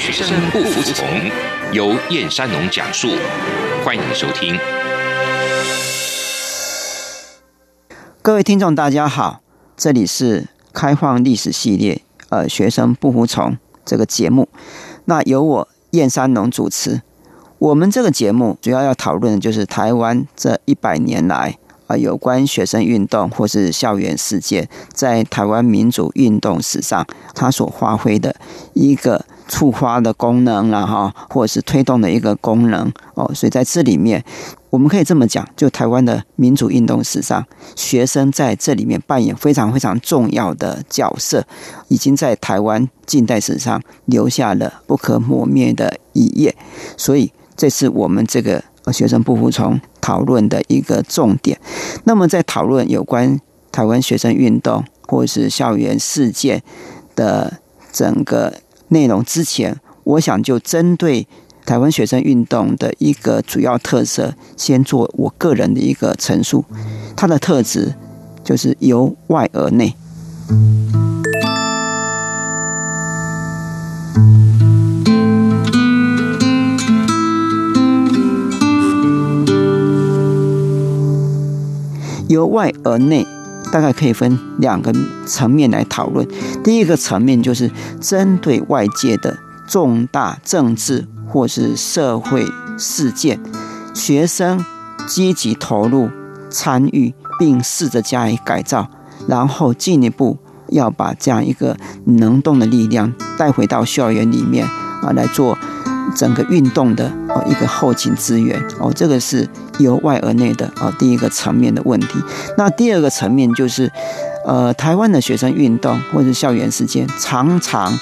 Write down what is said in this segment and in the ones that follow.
學生不服從，由燕山農講述，歡迎收聽。各位聽眾，大家好，這裡是開放歷史系列，呃，學生不服從這個節目。那由我燕山農主持。我們這個節目主要要討論的就是台灣這一百年來啊、呃，有關學生運動或是校園事件，在台灣民主運動史上，它所發揮的一個觸發的功能了、啊、哈，或者是推動的一個功能哦，所以在這裡面，我們可以這麼講，就台灣的民主運動史上，學生在這裡面扮演非常非常重要的角色，已經在台灣近代史上留下了不可磨滅的一頁。所以，這是我們這個學生不服從討論的一個重點。那麼，在討論有關台灣學生運動或者是校園事件的整個。內容之前，我想就針對台灣學生運動的一個主要特色，先做我個人的一個陳述。它的特質就是由外而內，由外而內。大概可以分兩個層面來討論。第一個層面就是針對外界的重大政治或是社會事件，學生積極投入參與，並試着加以改造，然後進一步要把這樣一個能動的力量帶回到校園裡面啊來做。整個運動的一個後勤資源哦，這個是由外而內的啊、哦，第一個層面的問題。那第二個層面就是，呃，台灣的學生運動或者校園事件，常常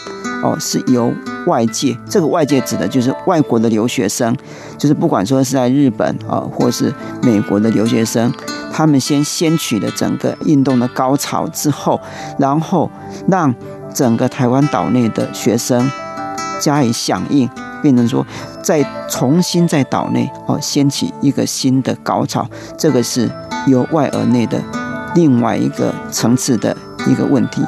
哦是由外界，這個外界指的就是外國的留學生，就是不管說是在日本啊、哦，或是美國的留學生，他們先，先取得整個運動的高潮之後，然後讓整個台灣島內的學生加以響應。變成說，再重新在島內哦掀起一個新的高潮，這個是由外而內的另外一個層次的一個問題，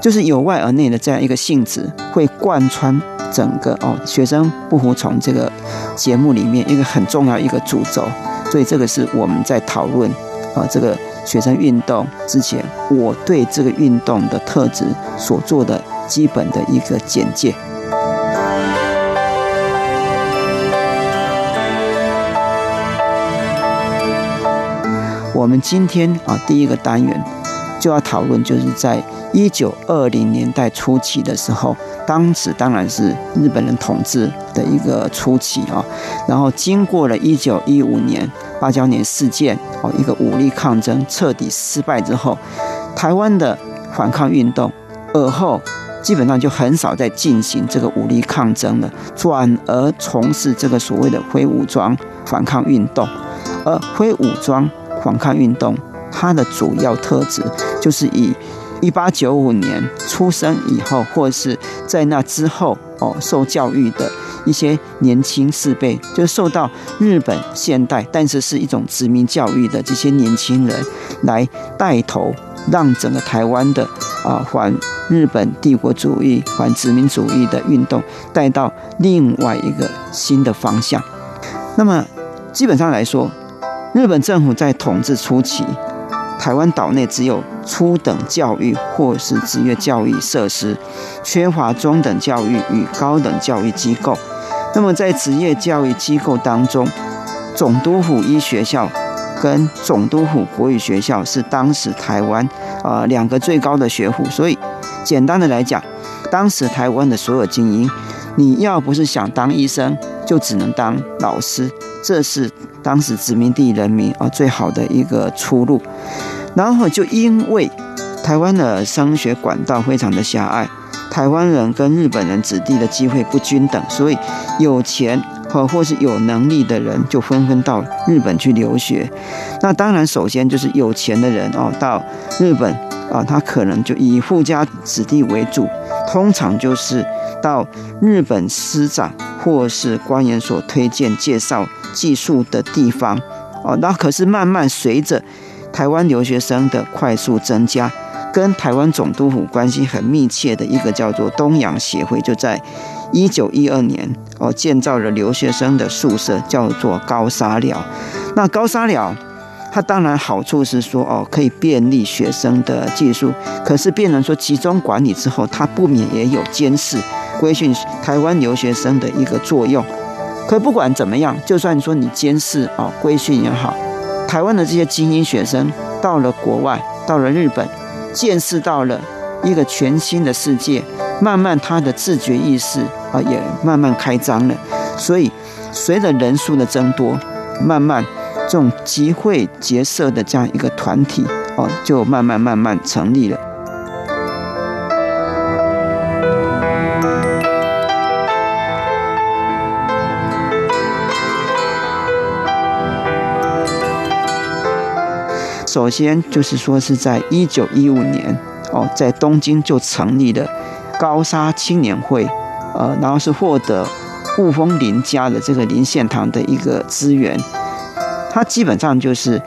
就是由外而內的這樣一個性質會貫穿整個哦學生不服從這個節目裡面一個很重要一個主軸，所以這個是我們在討論啊這個學生運動之前，我對這個運動的特質所做的基本的一個簡介。我們今天啊，第一個單元就要討論，就是在一九二零年代初期的時候，當時當然是日本人統治的一個初期啊。然後經過了1915年噍吧哖事件哦，一個武力抗爭徹底失敗之後，台灣的反抗運動，而、呃、後基本上就很少再進行這個武力抗爭了，轉而從事這個所謂的非武裝反抗運動，而非武裝。反抗運動，它的主要特質就是以1895年出生以後，或是在那之後哦，受教育的一些年輕世輩，就是、受到日本現代，但是是一種殖民教育的這些年輕人，來帶頭讓整個台灣的啊，反日本帝國主義、反殖民主義的運動，帶到另外一個新的方向。那麼基本上來說。日本政府在統治初期，台灣島內只有初等教育或是職業教育設施，缺乏中等教育與高等教育機構。那麼，在職業教育機構當中，總督府醫學校跟總督府國語學校是當時台灣啊兩個最高的學府。所以，簡單的來講，當時台灣的所有精英，你要不是想當醫生。就只能當老師，這是當時殖民地人民啊最好的一個出路。然後就因為台灣的升學管道非常的狹隘，台灣人跟日本人子弟的機會不均等，所以有錢或或是有能力的人就紛紛到日本去留學。那當然，首先就是有錢的人哦，到日本啊，他可能就以富家子弟為主，通常就是到日本施展。或是官員所推薦介紹寄宿的地方哦，那可是慢慢隨着台灣留學生的快速增加，跟台灣總督府關係很密切的一個叫做東洋協會，就在一九一二年哦建造了留學生的宿舍，叫做高砂寮。那高砂寮，它當然好處是說哦可以便利學生的寄宿，可是變成說集中管理之後，它不免也有監視規訓台灣留學生的一個作用，可不管怎麼樣，就算說你監視啊規訓也好，台灣的這些精英學生到了國外，到了日本，見識到了一個全新的世界，慢慢他的自覺意識啊也慢慢開張了，所以隨着人數的增多，慢慢這種集會結社的這樣一個團體哦，就慢慢慢慢成立了。首先就是說是在一九一五年，哦，在東京就成立了高砂青年會，呃，然後是獲得霧峰林家的這個林獻堂的一個資源，他基本上就是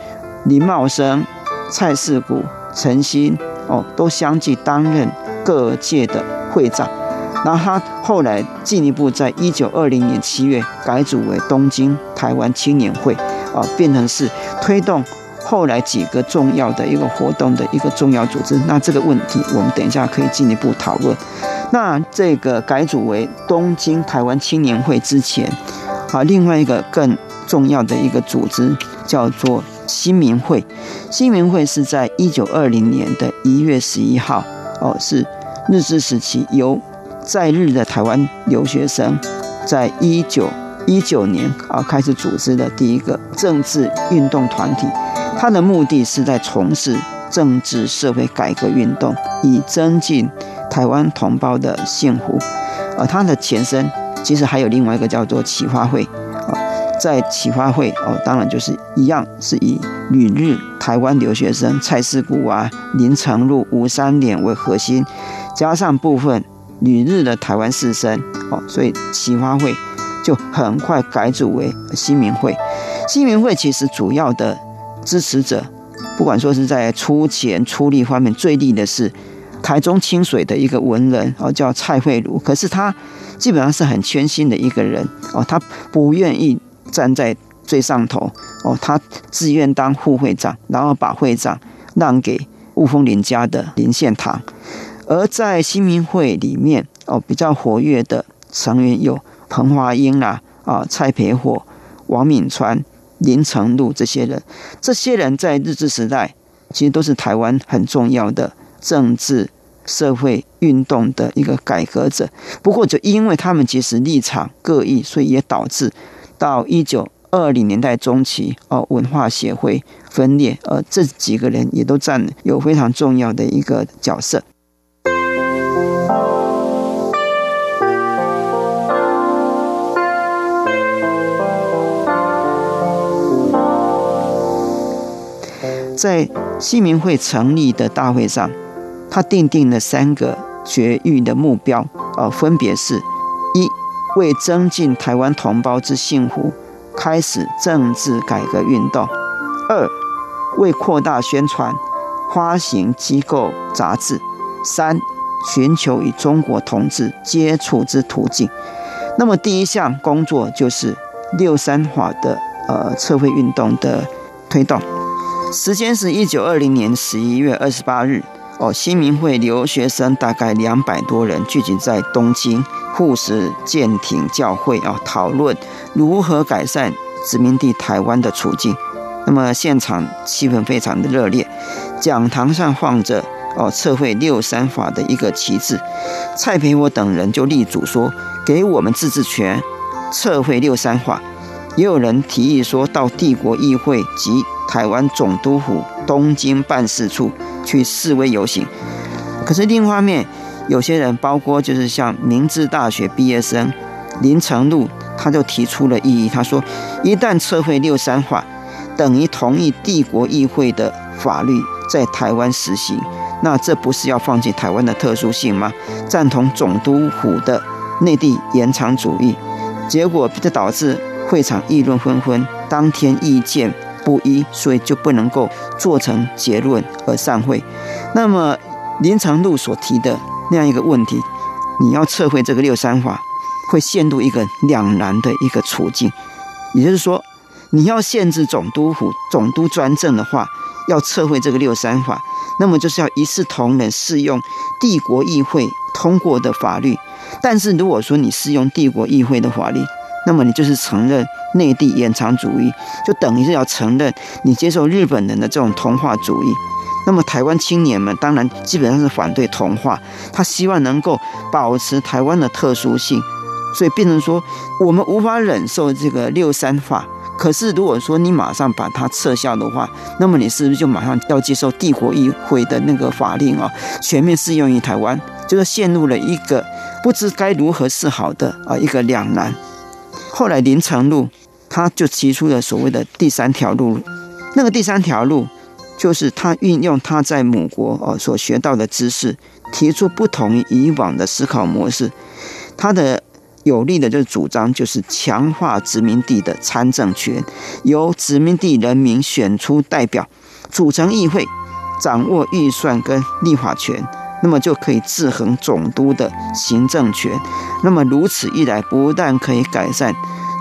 林茂生、蔡世谷、陳新哦，都相繼擔任各界的會長，然後他後來進一步在一九二零年七月改組為東京台灣青年會，啊，變成是推動。後來幾個重要的一個活動的一個重要組織，那這個問題我們等一下可以進一步討論。那這個改組為東京台灣青年會之前，啊，另外一個更重要的一個組織叫做新民會。新民會是在一九二零年的一月十一號，哦，是日治時期由在日的台灣留學生，在一九一九年啊開始組織的第一個政治運動團體。他的目的是在從事政治社會改革運動，以增進台灣同胞的幸福。而、呃、他的前身其實還有另外一個叫做啟發會啊、哦，在啟發會哦，當然就是一樣是以旅日台灣留學生蔡式穀啊、林呈祿、吳三連為核心，加上部分旅日的台灣士紳哦，所以啟發會就很快改組為新民會。新民會其實主要的。支持者，不管說是在出錢出力方面最力的是台中清水的一個文人哦，叫蔡惠如。可是他基本上是很謙遜的一個人哦，他不願意站在最上頭哦，他自願當副會長，然後把會長讓給霧峰林家的林獻堂。而在新民會裡面哦，比較活躍的成員有彭華英啦、啊、啊、哦、蔡培火、王敏川。林呈祿這些人，這些人在日治時代，其實都是台灣很重要的政治、社會運動的一個改革者。不過，就因為他們其實立場各異，所以也導致到一九二零年代中期，哦，文化協會分裂。而這幾個人也都占有非常重要的一個角色。在新民會成立的大會上，他訂定了三個決議的目標，呃，分別是：一、為增進台灣同胞之幸福，開始政治改革運動；二、為擴大宣傳，發行機構雜誌；三、尋求與中國同志接觸之途徑。那麼，第一項工作就是六三法的呃撤廢運動的推動。時間是一九二零年十一月二十八日，哦，新民會留學生大概兩百多人聚集在東京富士見町教會啊、哦，討論如何改善殖民地台灣的處境。那麼現場氣氛非常的熱烈，講堂上放着哦撤廢六三法的一個旗幟，蔡培火等人就力主說，給我們自治權，撤廢六三法，也有人提議說到帝國議會及。台灣總督府東京辦事處去示威遊行，可是另外一方面，有些人包括就是像明治大學畢業生林呈祿，他就提出了異議。他說，一旦撤回六三法，等於同意帝國議會的法律在台灣實行，那這不是要放棄台灣的特殊性嗎？贊同總督府的內地延長主義，結果就導致會場議論紛紛，當天意見。不一，所以就不能夠做成結論而散會。那麼林呈祿所提的那樣一個問題，你要撤回這個六三法，會陷入一個兩難的一個處境。也就是說，你要限制總督府總督專政的話，要撤回這個六三法，那麼就是要一視同仁適用帝國議會通過的法律。但是如果說你適用帝國議會的法律，那麼你就是承認內地延長主義，就等於是要承認你接受日本人的這種同化主義。那麼台灣青年們當然基本上是反對同化，他希望能夠保持台灣的特殊性。所以變成說，我們無法忍受這個六三法。可是如果說你馬上把它撤銷的話，那麼你是不是就馬上要接受帝國議會的那個法令啊？全面適用於台灣，就是陷入了一個不知該如何是好的啊一個兩難。後來林呈祿他就提出了所謂的第三條路。那個第三條路，就是他運用他在母國哦所學到的知識，提出不同於以往的思考模式。他的有力的就是主張，就是強化殖民地的參政權，由殖民地人民選出代表，組成議會，掌握預算跟立法權。那麼就可以制衡總督的行政權，那麼如此一來，不但可以改善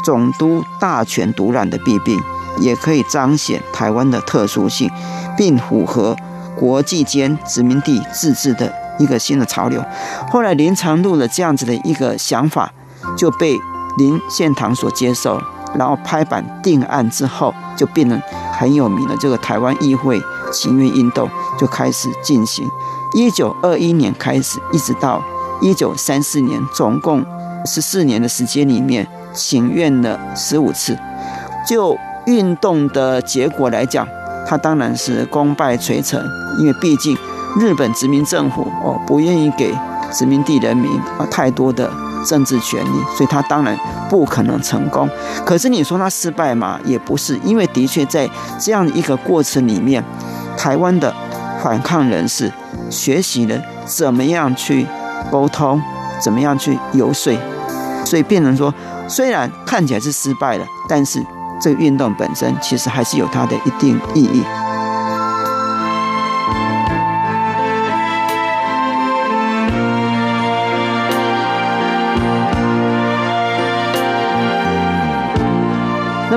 總督大權獨攬的弊病，也可以彰顯台灣的特殊性，並符合國際間殖民地自治的一個新的潮流。後來林呈祿的這樣子的一個想法，就被林獻堂所接受。然後拍板定案之後，就變成很有名的這個台灣議會請願運動就開始進行。一九二一年開始，一直到一九三四年，總共十四年的時間裡面，請願了十五次。就運動的結果來講，它當然是功敗垂成，因為畢竟日本殖民政府哦不願意給殖民地人民啊太多的政治權利，所以他當然。不可能成功，可是你說他失敗嗎？也不是，因為的確在這樣一個過程裡面，台灣的反抗人士學習了怎麼樣去溝通，怎麼樣去游說，所以變成說，雖然看起來是失敗了，但是這個運動本身其實還是有它的一定意義。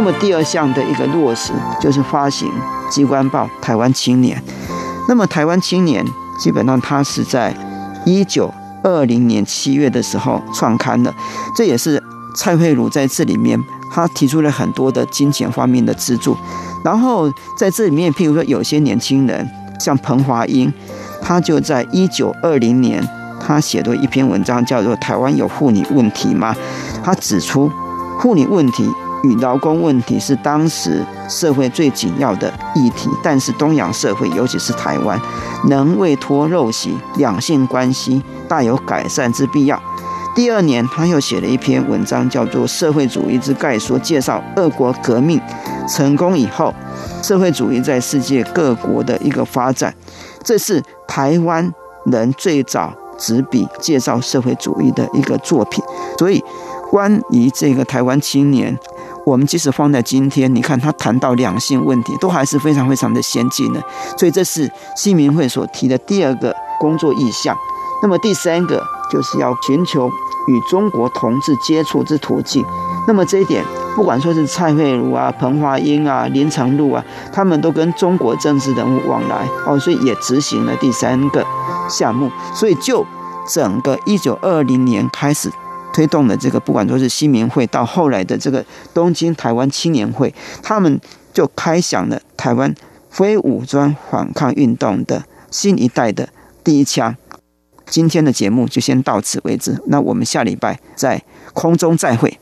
那麼第二項的一個落實就是發行機關報《台灣青年》。那麼《台灣青年》基本上它是在1920年七月的時候創刊的，這也是蔡惠如在這裡面他提出了很多的金錢方面的資助。然後在這裡面，譬如說有些年輕人像彭華英，他就在1920年他寫了一篇文章，叫做《台灣有婦女問題嗎》。他指出婦女問題。與勞工問題是當時社會最緊要的議題，但是東洋社會，尤其是台灣，能未脫肉習，兩性關係，大有改善之必要。第二年，他又寫了一篇文章，叫做《社會主義之概說》，介紹俄國革命成功以後，社會主義在世界各國的一個發展。這是台灣人最早執筆介紹社會主義的一個作品。所以，關於這個台灣青年。我們即使放在今天，你看他談到兩性問題，都還是非常非常的先進的。所以這是新民會所提的第二個工作意向。那麼第三個就是要尋求與中國同志接觸之途徑。那麼這一點，不管說是蔡惠如啊、彭華英啊、林呈祿啊，他們都跟中國政治人物往來哦，所以也執行了第三個項目。所以就整個一九二零年開始。推動了這個，不管說是新民會，到後來的這個東京台灣青年會，他們就開響了台灣非武裝反抗運動的新一代的第一槍。今天的節目就先到此為止，那我們下禮拜在空中再會。